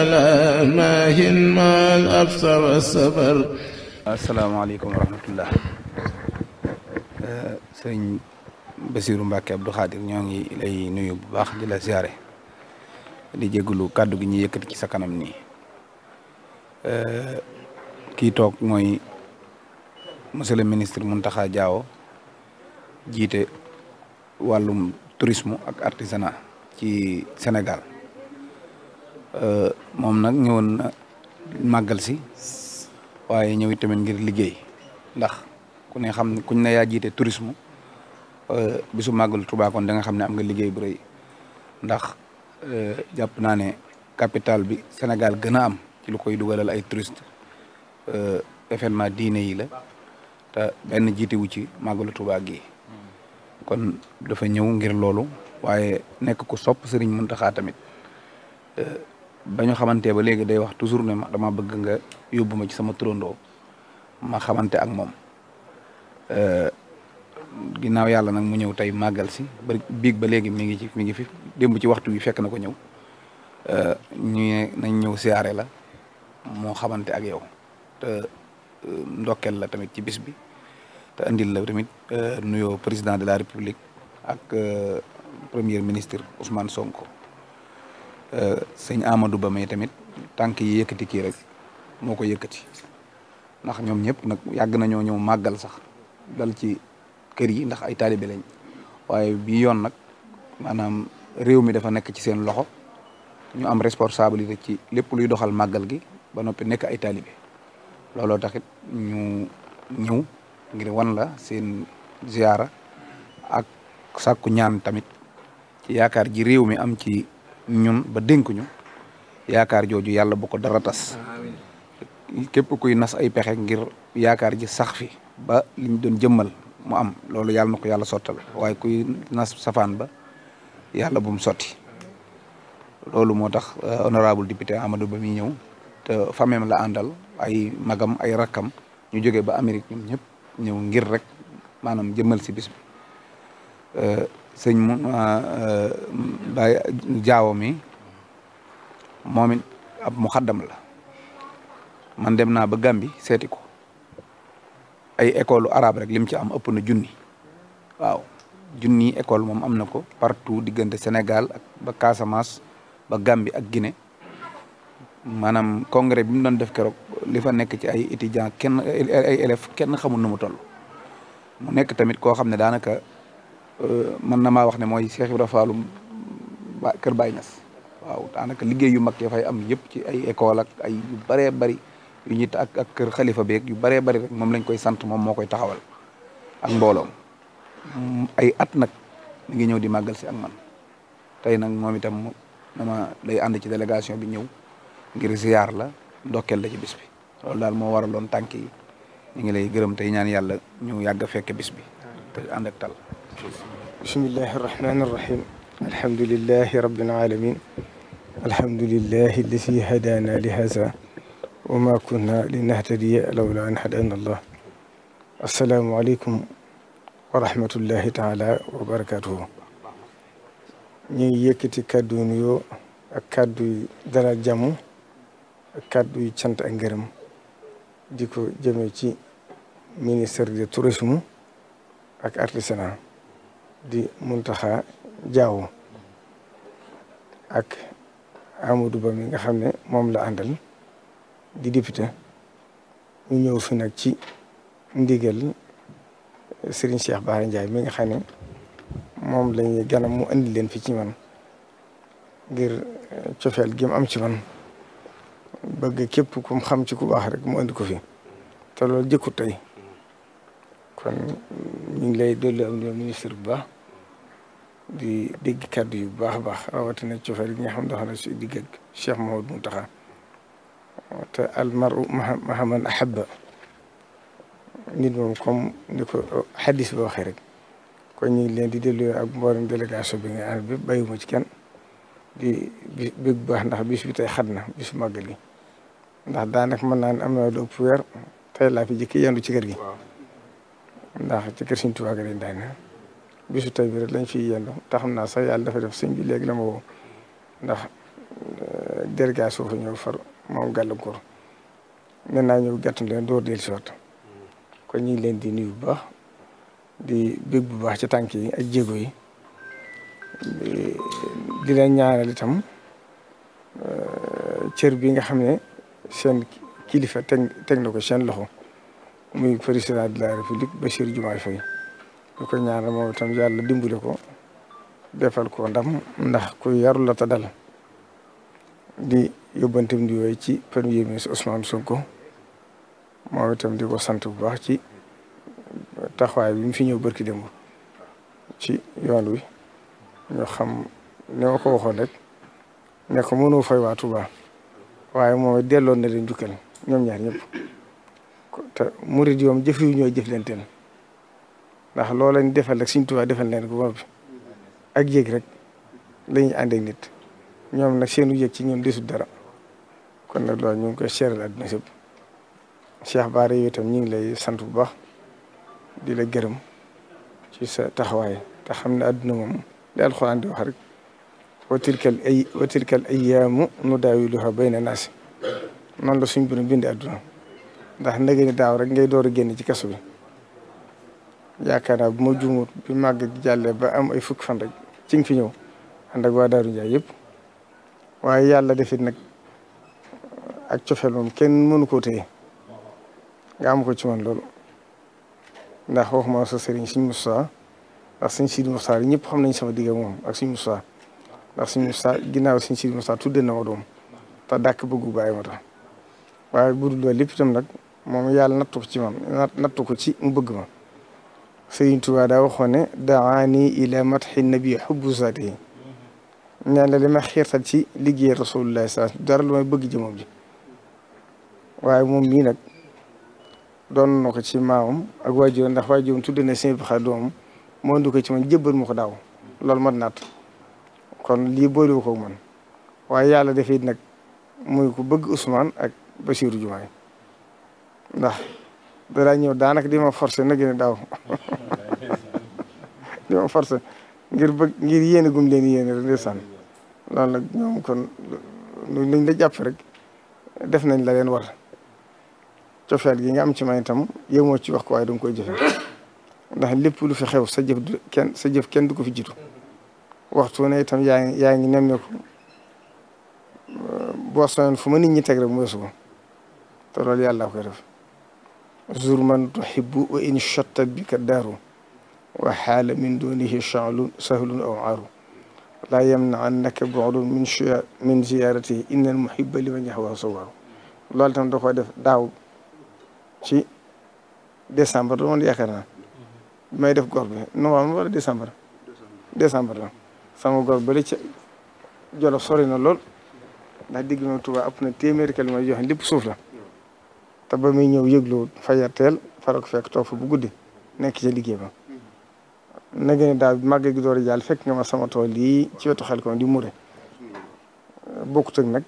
على ماهن ما الأبص والصبر asalaamaaleykum wa rahmatullah eh, sëriñ Basiiru Mbàkke Abdu Xaadir ñoo ngi lay nuyu bu baax di la siyaare di jégalu kàddu gi ñu yëkkati ci sa kanam nii eh, kii mooy monsieur le mun Mountakha Diawo jiite wàllum tourisme ak artisanat ci Sénégal Euh, moom nag ñëwoon na màggal si waaye ñëw tamit ngir liggéey ndax ku ne xam ne kuñ ne ya jiite tourisme euh, bisu màggal Tuubaa kon da xam ne am nga liggéey bu rëy ndax euh, jàpp naa ne capital bi Sénégal gën a am ci lu koy dugalal ay touriste événement diine yi la te benn jiite wu ci màggalu Tuubaa gi kon dafa ñëw ngir loolu waaye nekk ku sopp Sëriñ Muntaxa tamit ba ñu xamante ba léegi day wax toujours ne ma dama bëgg nga yóbbu ma ci sama turandoo ma xamante ak moom euh, ginnaaw yàlla nag mu ñëw tey màggal si ba biig ba léegi mi ngi ci mi ngi fi démb ci waxtu wi fekk na ko ñëw euh, ñu nañ ñëw siyaare la moo xamante ak yow te euh, ndokkeel la tamit ci bis bi te indil la tamit nuyoo président de la république ak premier ministre Ousmane Sonko. Euh, sëñ Amadou Ba may tamit tànk yi yëkkati kii rek moo ko yëkkati ndax ñoom ñëpp nag yàgg nañoo ñëw màggal sax dal ci kër yi ndax ay taalibe lañ waaye bii yoon nag maanaam réew mi dafa nekk ci seen loxo ñu am responsabilité ci lépp luy doxal màggal gi ba noppi nekk ay taalibe looloo taxit ñu ñëw ngir wan la seen ziyaara ak sàkku ñaan tamit ci yaakaar ji réew mi am ci ñun ba dénkuñu yaakaar jooju yàlla bu ko dara tas képp kuy nas ay pexe ngir yaakaar ji sax fi ba liñ doon jëmmal mu am loolu yàlla na ko yàlla sottal waaye kuy nas safaan ba yàlla bu mu sotti loolu moo tax euh, honorable député Amadou Ba muy ñëw te famem la àndal ay magam ay rakkam ñu jógee ba Amérique ñun ñëpp ñëw ngir rek maanaam jëmmal si sëñ mu ah, ah, Baye Jaawo mi moom it ab muxaddam la man dem naa ba Gàmbi seeti ko ay école arabe rek lim ci am ëpp na junni waaw junni école moom am na ko partout diggante Sénégal ak ba Casamance ba Gàmbi ak Guinée maanaam congrès bi mu doon def keroog li fa nekk ci ay étudiants kenn ay élèves kenn xamul nu mu toll nekk tamit koo xam ne daanaka. Euh, mën na maa wax ne mooy Cheikh Ibra Fallum ba Kër Baye ñas waaw daanaka liggéey yu mag ya fay am yëpp ci ay école ak ay yu bëree bëri yu ñit ak kër xalifa beeg yu bëree bëri rek moom lañ koy sant moom moo koy taxawal ak mbooloom mm, ay at nag mi ngi ñëw di màggal si ak man tey nag moom itam dama day ànd ci délégation bi ñëw ngir ziar la ndokkeel la ci bis bi loolu daal moo waraloon tànk yi ñu ngi lay gërëm tey ñaan yàlla ñu yàgg fekke bis bi te ànd tal bismillahi irrahmani irrahim alhamdulilahi rabilalamin alhamdulilahi alladi hadana li haza wa ma kunna linahtadiya lawla an hadana allah assalaamu aleykum wa rahmatullahi taala wa barakatuhu ñu ngi yëkkati kàddu yu nuyoo ak kàddu yu dalal jàmm ak kàddu yu cant ak ngërëm di ko jëmee ci ministère de tourisme ak artisanat di Muntaxa Jaawo ak Amadou Ba mi nga xam ne moom la àndal di député ñu ñëw fi nag ci ndigal Serigne Cheikh Bara Ndiaye mi nga xam ne moom lañuy ganam mu indi leen fi ci man ngir eh, cofeel gim am ci man bëgg képp ku xam ci ku baax rek mu indi ko fi te loolu jëkku tey kon ñu ngi lay dolli am ñoom ministre bu baax di dégg kàddu yu baax a baax rawatina cofeel gi nga xam dox na si digg ak Cheikh Mouhamadou Mountakha te almaru maha man ahabba nit moom comme ni ko ba waxee rek kon ñu leen di delloo ak mboolem délégation bi nga ànd bi bàyyiwuma ci kenn di bis bég baax ndax bis bi tey xat na bisu màggal gi ndax daanaka mën naa ne am na lu ëpp weer tey laa fi jëkki yendu ci kër gi. ndax ci kër Sëriñ Tuubaa leen day na bisu tey bi rek lañ fiy yendu te xam naa sax yàlla dafa def si bi léegi la ma woo ndax eh, délégation fa ñëw far moom gàllankoor mën naa ñëw gàttu leen door del si waat kon ñu leen di nuyu bu baax di bég bu baax ci tànk yi ak jéego yi di leen ñaanal itam eh, cër bi nga xam ne seen kilifa teg teg na ko seen loxo muy président de la république Bachir Diomaye Faye lu ko ñaanal moom itam yàlla dimbale ko defal ko ndam ndax ku yarul la dal di yóbbantam di wooy ci premier ministre Ousmane Sonko moom itam di ko sant bu baax ci taxawaay bi mu fi ñëw barki démb ci yoon wi ñoo xam ni ko waxoon rek ne ko mënoo fay waa Touba waaye moom delloon ne leen jukkal ñoom ñaar ñëpp te murid yoom jëf yu ñooy ndax loo leen defal rek Sëriñ Tuubaa defal leen ko ba ak yéeg rek la ñuy nit ñoom nag seenu yéeg ci ñoom desut dara kon nag loolu ñu ngi koy seeral àdduna sëpp Cheikh Bara yow itam ñu ngi lay sant bu baax di la gërëm ci sa taxawaay te xam ne àdduna moom li alxuraan di wax rek wa tilkal ay wa tilkal ayyaamu nudaawiluhaa bayna naas noonu la suñ borom bindi àdduna ndax ndege ni daaw rek ngay door a génn ci kaso yaakaar naa bu ma juumut bi màgg jàllee ba am ay fukki fan rek ci fi ñëw ànd ak waa Daaru Njaay yëpp waaye yàlla defit nag ak cofeel moom kenn mënu koo téye nga am ko ci man loolu ndax waxuma sa sëriñ suñ Moussa ndax suñ Sidi Moussa ñëpp xam nañ sama digga moom ak suñu Moussa ndax suñ Moussa ginnaaw suñ Sidi Moussa tudde na ma doom te dakk bëggu bàyyi ma tax waaye bu dul loolu lépp itam nag moom yàlla nattu ci man ci mu bëgg ma Sëriñ Tuubaa daa waxoon ne daani ila matxi nabi xubbu zaatihi ñaan la dama xiirtal ci liggéey rasulullahi saa dara lu bëgg jëmam moom mii nag doon na ci maamam ak waajuram ndax waajuram tudde na seen baxa doomam moo indi ko ci man jébbal ma naat kon lii boole ko man waaye yàlla dafay nag muy ko bëgg Ousmane ak Bassirou Diomaye ndax dara ñëw daanaka dima ma na gën a daaw ngir bëgg ngir yéene gum leen yéene rek ndeysaan loolu nag ñoom kon luñ la jàpp rek def nañ la leen war cofeel gi nga am ci man itam yéemoo ci wax ko waaye danga koy jëfe ndax lépp lu fi xew sa jëf kenn sa jëf kenn du ko fi jiitu waxtu ne itam yaa ngi yaa ngi nemmeeku boo soñoon fu ma nit ñi teg rek mu weesu ko te loolu yàlla koy def zurman tuhibbu wa in shotta bika daaru wa xaala min dunihi chahlun sahlun aw aaru laa yamnaannaka bu'dun min min ziyaaratihi innal muhibba liman yahwa sawaaru loolu tam da def daaw ci décembre la woon yaakaar naa may def góor bi novembre wala décembre décembre la li ca Jolof sori na lool ndax digg na Tuubaa ëpp na téeméeri kilomètre yoo xam lépp suuf la te ba muy ñëw yëgluwul fajar teel farak fekk toog fa bu guddi nekk ci liggéey ba na ngeen daal màgg gi door a fekk nga ma sama tool yi ci wetu xel kon di mure bokkut ak nag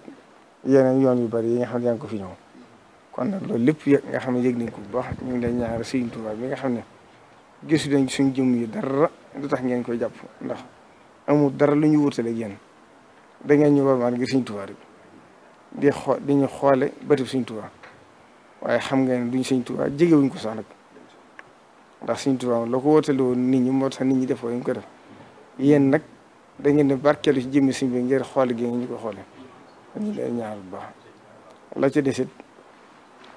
yeneen yoon yu bari yi nga xam ne yaa ngi ko fi ñëw kon nag loolu lépp yëg nga xam ne yëg nañ ko bu baax ñu ngi lay ñaanal Sëriñ Tuubaa nga xam ne gisu nañ suñ jëm dara du tax ngeen koy jàpp ndax amul dara lu ñu wutale yéen da ngeen ñu war maan ngir Sëriñ Tuubaa rek di xoo di ñu xoole bëtib Sëriñ Tuubaa waaye xam nga ne duñ sëñ Tuubaa jegewuñ ko sax nag ndax sëñ Tuubaa la ko wootale woon nit ñi moo tax nit ñi def ñu ko def yéen nag da ngeen ne barkeelu ci jëmmi sëñ bi ngir xool gi ñu ko xoole ñaar bu baax la ci desit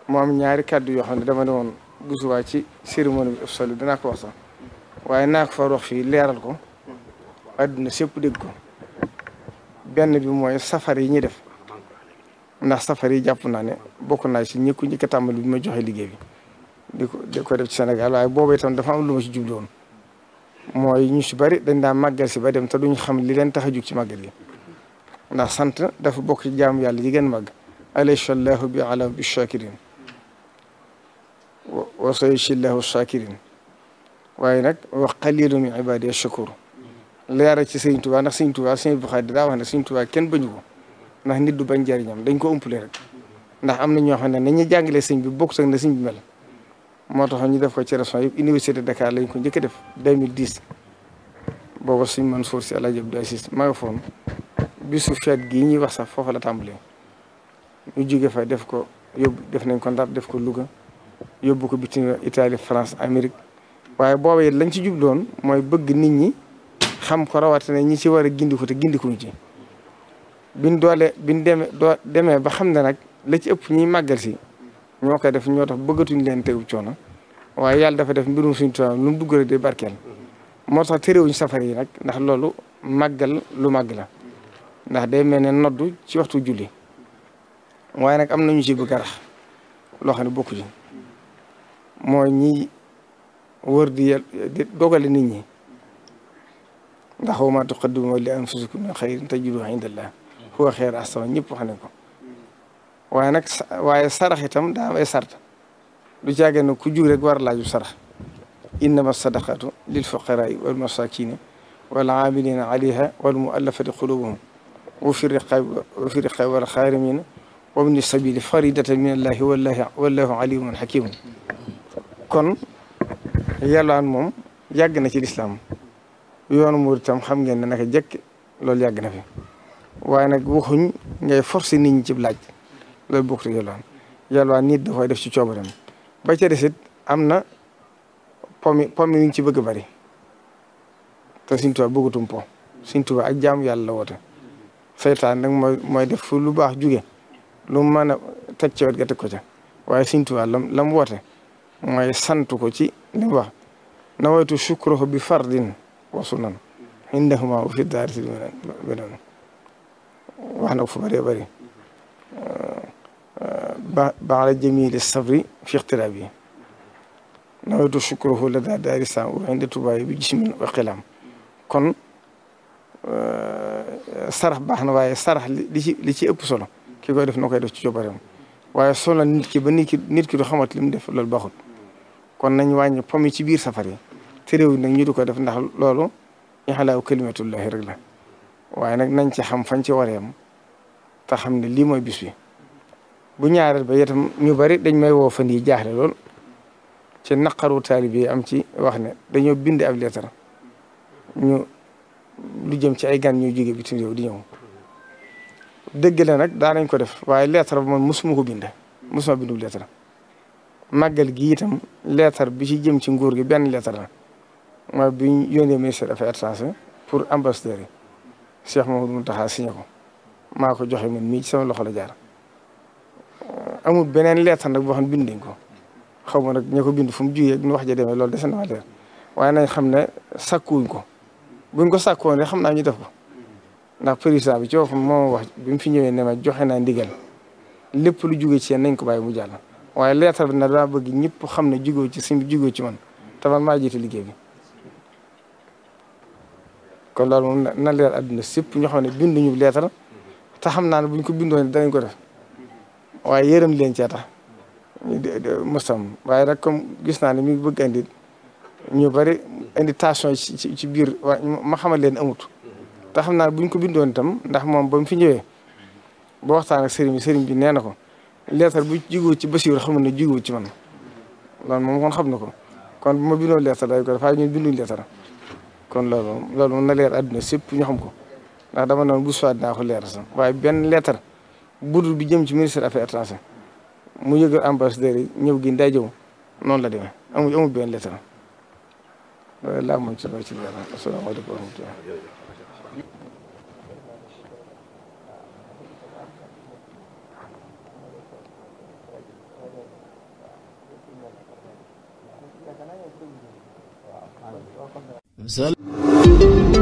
moo am ñaari kàddu yoo xam ne dama ne woon bu ci cérémonie bi absolu danaa ko wax sax waaye naa ko fa wax fii leeral ko adduna sépp dégg ko benn bi mooy safar yi ñuy def ndax safar yi jàpp naa ne bokk naa ci ñëkku ñi ko tàmbali ma joxe liggéey bi di ko di def ci Sénégal waaye boobu itam dafa am lu ma si jublu woon mooy ñu si bari dañ daan màggal si ba dem te duñu xam li leen tax a jug ci màggal gi ndax sant dafa bokk ci jaamu yàlla yi gën màgg alaysa allahu bi ala bi shakirin wa sayusi llahu shakirin waaye nag wa qalilu min ibadiya shakur leera ci sëñ Tuubaa ndax sëñ Tuubaa sëñ Buxaari daa wax ne sëñ Tuubaa kenn bañu ko ndax nit du bañ njariñam dañ ko umpale rek ndax am na ñoo xam ne nañu jàngalee siñ bi bokk sax na sëñ bi mel moo tax ñu def ko ci région yëpp université Dakar lañ ko jëkk a def 2010 booba suñ Mansour si El Hadj Abdou Aziz maa nga foon bisu feet gii ñuy wax sax foofa la tàmbalee ñu jóge def ko def nañ ko Ndar def ko Louga yóbbu ko bitim Italie France Amérique waaye booba it lañ ci jubloon mooy bëgg nit ñi xam ko rawatina ñi ci war a gindi ko te gindi ko ci. biñ doole biñ demee doo demee ba xam ne nag la ci ëpp ñuy màggal si ñoo koy def ñoo tax bëggatuñ leen tegu coono waaye yàlla dafa def mbirum suñu tubaab lu mu de rek day barkeel moo tax terewuñ safar yi nag ndax loolu màggal lu màgg la ndax day mel ne noddu ci waxtu julli waaye nag am nañu ci bëgg a loo xam ne bokku ci mooy ñi wër di dogale nit ñi ndax wa maa tuqaddimu li anfusikum min xayrin tajiduhu indallah ku waxee rastawa ñëpp wax nañ ko waaye nag waaye sarax itam daa am ay sart du caagee ne ku jug rek war laaju sarax innama sadaqatu lil fuqaraai wal masakini wal amilina alayha wal muallafati qulubuhum wa fi riqabi wal xaarimina wabni sabili faridatan min allahi wallahi wallahu alimun hakimun kon yalwaan moom yàgg na ci lislaam yoonu muur itam xam ngeen ne naka jëkk loolu yàgg na fi waaye nag waxuñ ngay forcer nit ñi ci laaj loolu bokkul ak yalwaan yalwaan nit da koy def ci coobaram ba ca desit am na pomi pomi ñu ci bëgg a bari te Sëñ Tuubaa bëggatum po Sëñ Tuubaa ak jaamu yàlla la woote seytaan nag mooy mooy def fu lu baax jóge lu mën a teg ci wet ga teg ko ca waaye Sëñ Tuubaa lam lam woote mooy sant ko ci li mu wax nawaytu sukruhu bi fardin wa sunan indahuma fi daari si benoon wax na fu bëree bëri ba baxla jamili sabri fi ixtiraab yi nawaytu shukruhu la daa daari sa wa bi jismin wa xilaam kon sarax baax na waaye sarax li ci li ci ëpp solo ki koy def na koy def ci cobareem waaye solo nit ki ba nit ki nit ki du xamat li def lool baaxul kon nañ wàññi pomi ci biir safar yi te réew nag ñu du ko def ndax loolu ixlaaw kalimatullahi rek la waaye nag nañ ci xam fañ ci war a yem te ne lii mooy bis bu ñaareel ba itam ñu bari dañ may woo fan yi jaaxle lool ci naqaru taalibe yi am ci wax ne dañoo bind ab leetar ñu lu jëm ci ay gan ñoo jóge bitim réew di ñëw dëgg la nag daa nañ ko def waaye leetar bu man mosuma ko bind mosuma bindu leetar màggal gi itam leetar bi ci jëm ci nguur gi benn leetar la mooy bi ñu yónnee ministère affaires étrangères pour ambassadeurs yi Cheikh mu taxaa si ko maa ko joxe man mii ci sama loxo la jar amul beneen lettre nag boo xam ne bind nañ ko xaw nag ña ko bind fu mu jugee nu wax ja demee loolu dese na waaye nañ xam ne sàkkuwuñ ko buñ ko sàkkuwoon rek xam naa ñu def ko ndax président bi ci boppam moo wax bi mu fi ñëwee ne joxe naa ndigal lépp lu jugee ci yéen nañ ko bàyyi mu jàll waaye lettre bi nag daa bëgg ñëpp xam ne jugoo ci suñ jugoo ci man te man maa jiite liggéey bi. kon loolu moom na leer àdduna sépp ñoo xam ne binduñu leetar te xam naa ne buñ ko bindoon danañ ko def waaye yërëm leen cee tax waaye nag comme gis naa ne mi bëgg indi ñu bari indi ci biir waaye leen amut te naa buñ ko bindoon itam ndax moom ba mu fi ñëwee ba waxtaan ak sëriñ bi sëriñ bi nee na ko leetar bu jigoo ci Basiiru xam ne jigoo ci man loolu moom xam na ko kon bu ma bindoon leetar day ñu def waaye leetar kon loolu moom loolu moom na leer àdduna sépp ñu xam ko ndax dama noonu bu suwaa dinaa ko leer sax waaye benn lettre budul bi jëm ci ministre affaires étrangères mu yëgal ambassadeur ñëw gi nday jëw noonu la demee amul amul benn lettre laa moom ci loolu ci leer asalaamaaleykum wa rahmatulah Sal tey